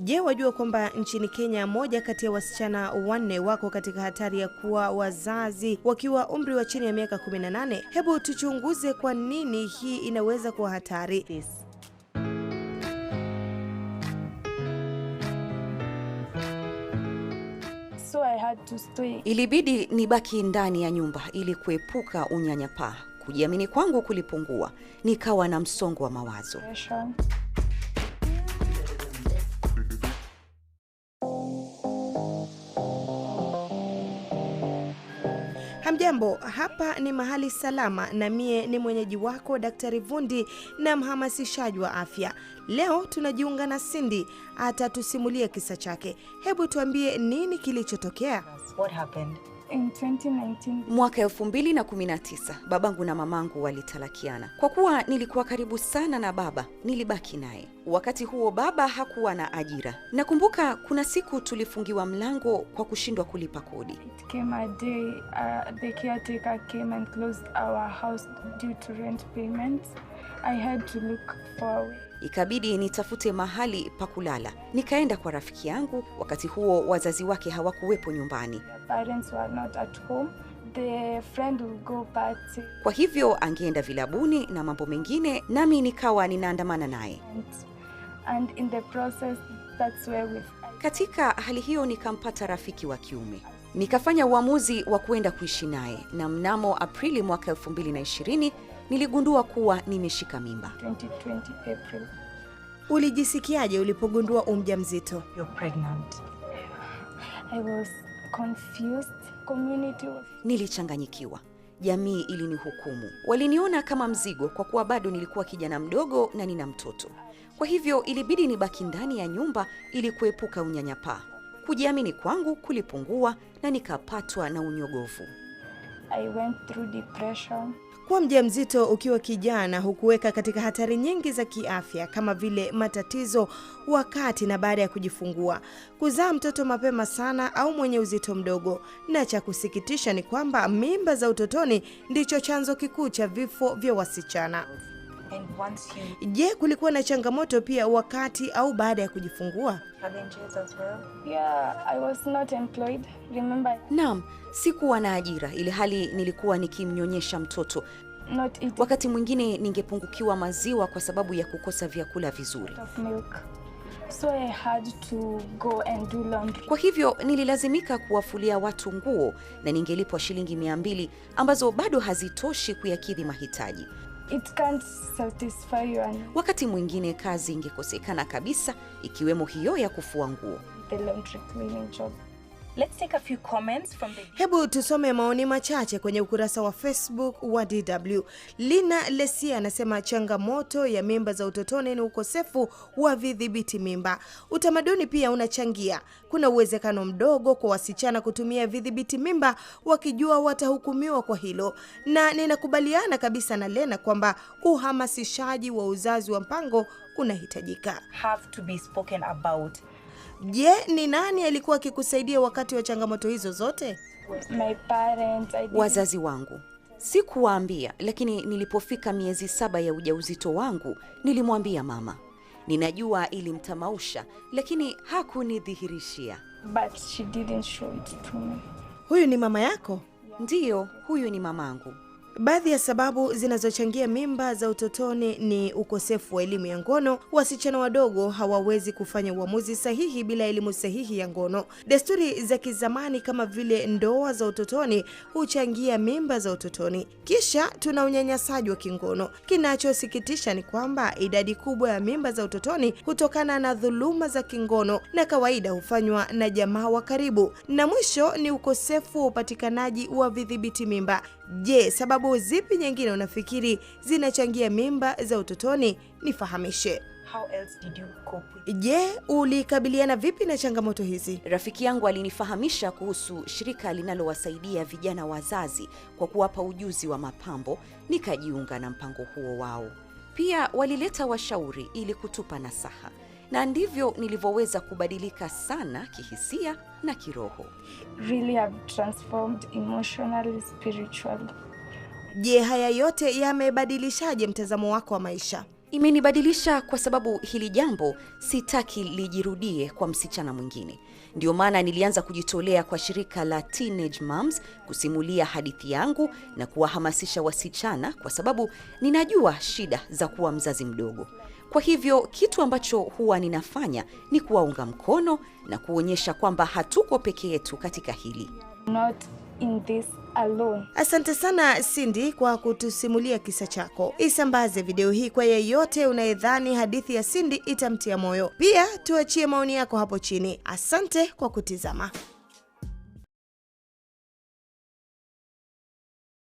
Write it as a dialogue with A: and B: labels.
A: Je, wajua kwamba nchini Kenya moja kati ya wasichana wanne wako katika hatari ya kuwa wazazi wakiwa umri wa chini ya miaka 18? Hebu tuchunguze kwa nini hii inaweza kuwa hatari. Yes. Ilibidi nibaki ndani ya nyumba ili kuepuka unyanyapaa. Kujiamini kwangu kulipungua, nikawa na msongo wa mawazo. Yes, Hamjambo, hapa ni mahali salama na mie ni mwenyeji wako Daktari Vundi na mhamasishaji wa afya. Leo tunajiunga na Cindy, atatusimulia kisa chake. Hebu tuambie nini kilichotokea.
B: What happened?
C: In 2019.
A: Mwaka 2019 babangu na mamangu walitalakiana. Kwa kuwa nilikuwa karibu sana na baba, nilibaki naye. Wakati huo baba hakuwa na ajira. Nakumbuka kuna siku tulifungiwa mlango kwa kushindwa kulipa kodi. It
C: came a day, uh, the caretaker came and closed our house due to rent payments. I had to look
A: Ikabidi nitafute mahali pa kulala, nikaenda kwa rafiki yangu. Wakati huo wazazi wake hawakuwepo nyumbani.
C: Parents were not at home. The friend will go party.
A: Kwa hivyo angeenda vilabuni na mambo mengine, nami nikawa ninaandamana naye
C: and, in the process, that's where we...
A: Katika hali hiyo nikampata rafiki wa kiume nikafanya uamuzi wa kuenda kuishi naye na mnamo Aprili mwaka elfu niligundua kuwa nimeshika mimba.
C: 2020 April.
A: Ulijisikiaje ulipogundua umja mzito?
C: You're pregnant. I was confused. Community was...
A: Nilichanganyikiwa. Jamii ilinihukumu, waliniona kama mzigo kwa kuwa bado nilikuwa kijana mdogo na nina mtoto. Kwa hivyo ilibidi nibaki ndani ya nyumba ili kuepuka unyanyapaa. Kujiamini kwangu kulipungua na nikapatwa na unyogovu.
C: I went through depression.
A: Kuwa mzito ukiwa kijana hukuweka katika hatari nyingi za kiafya kama vile matatizo wakati na baada ya kujifungua, kuzaa mtoto mapema sana au mwenye uzito mdogo. Na cha kusikitisha ni kwamba mimba za utotoni ndicho chanzo kikuu cha vifo vya wasichana. Je, you... kulikuwa na changamoto pia wakati au baada ya kujifungua?
B: Well.
C: Yeah,
A: naam, sikuwa na ajira ili hali nilikuwa nikimnyonyesha mtoto. Wakati mwingine ningepungukiwa maziwa kwa sababu ya kukosa vyakula vizuri.
C: So I had to go and do laundry.
A: Kwa hivyo nililazimika kuwafulia watu nguo na ningelipwa shilingi mia mbili ambazo bado hazitoshi kuyakidhi mahitaji.
C: It can't satisfy you. and...
A: Wakati mwingine kazi ingekosekana kabisa, ikiwemo hiyo ya kufua nguo.
C: The laundry cleaning job.
B: Let's take a few comments from the...
A: Hebu tusome maoni machache kwenye ukurasa wa Facebook wa DW. Lina Lesia anasema changamoto ya mimba za utotoni ni ukosefu wa vidhibiti mimba. Utamaduni pia unachangia. Kuna uwezekano mdogo kwa wasichana kutumia vidhibiti mimba wakijua watahukumiwa kwa hilo. Na ninakubaliana kabisa na Lena kwamba uhamasishaji wa uzazi wa mpango unahitajika.
B: Have to be spoken about.
A: Je, ni nani alikuwa akikusaidia wakati wa changamoto hizo zote?
C: My parents, I
A: wazazi wangu sikuwaambia, lakini nilipofika miezi saba ya ujauzito wangu nilimwambia mama. Ninajua ilimtamausha, lakini hakunidhihirishia.
C: But she didn't show it to me.
A: Huyu ni mama yako? Ndiyo, huyu ni mamangu. Baadhi ya sababu zinazochangia mimba za utotoni ni ukosefu wa elimu ya ngono. Wasichana wadogo hawawezi kufanya uamuzi sahihi bila elimu sahihi ya ngono. Desturi za kizamani kama vile ndoa za utotoni huchangia mimba za utotoni. Kisha tuna unyanyasaji wa kingono. Kinachosikitisha ni kwamba idadi kubwa ya mimba za utotoni hutokana na dhuluma za kingono na kawaida hufanywa na jamaa wa karibu. Na mwisho ni ukosefu wa upatikanaji wa vidhibiti mimba. Je, sababu zipi nyingine unafikiri zinachangia mimba za utotoni? Nifahamishe. Je, ulikabiliana vipi na changamoto hizi? Rafiki yangu alinifahamisha kuhusu shirika linalowasaidia vijana wazazi kwa kuwapa ujuzi wa mapambo, nikajiunga na mpango huo wao. Pia walileta washauri ili kutupa nasaha na ndivyo nilivyoweza kubadilika sana kihisia na kiroho.
C: Really have transformed emotionally, spiritually.
A: Je, haya yote yamebadilishaje mtazamo wako wa maisha? Imenibadilisha kwa sababu hili jambo sitaki lijirudie kwa msichana mwingine. Ndio maana nilianza kujitolea kwa shirika la Teenage Moms kusimulia hadithi yangu na kuwahamasisha wasichana, kwa sababu ninajua shida za kuwa mzazi mdogo. Kwa hivyo kitu ambacho huwa ninafanya ni kuwaunga mkono na kuonyesha kwamba hatuko peke yetu katika hili.
C: Not in this alone.
A: Asante sana sindi kwa kutusimulia kisa chako. Isambaze video hii kwa yeyote unayedhani hadithi ya sindi itamtia moyo. Pia tuachie maoni yako hapo chini. Asante kwa kutizama.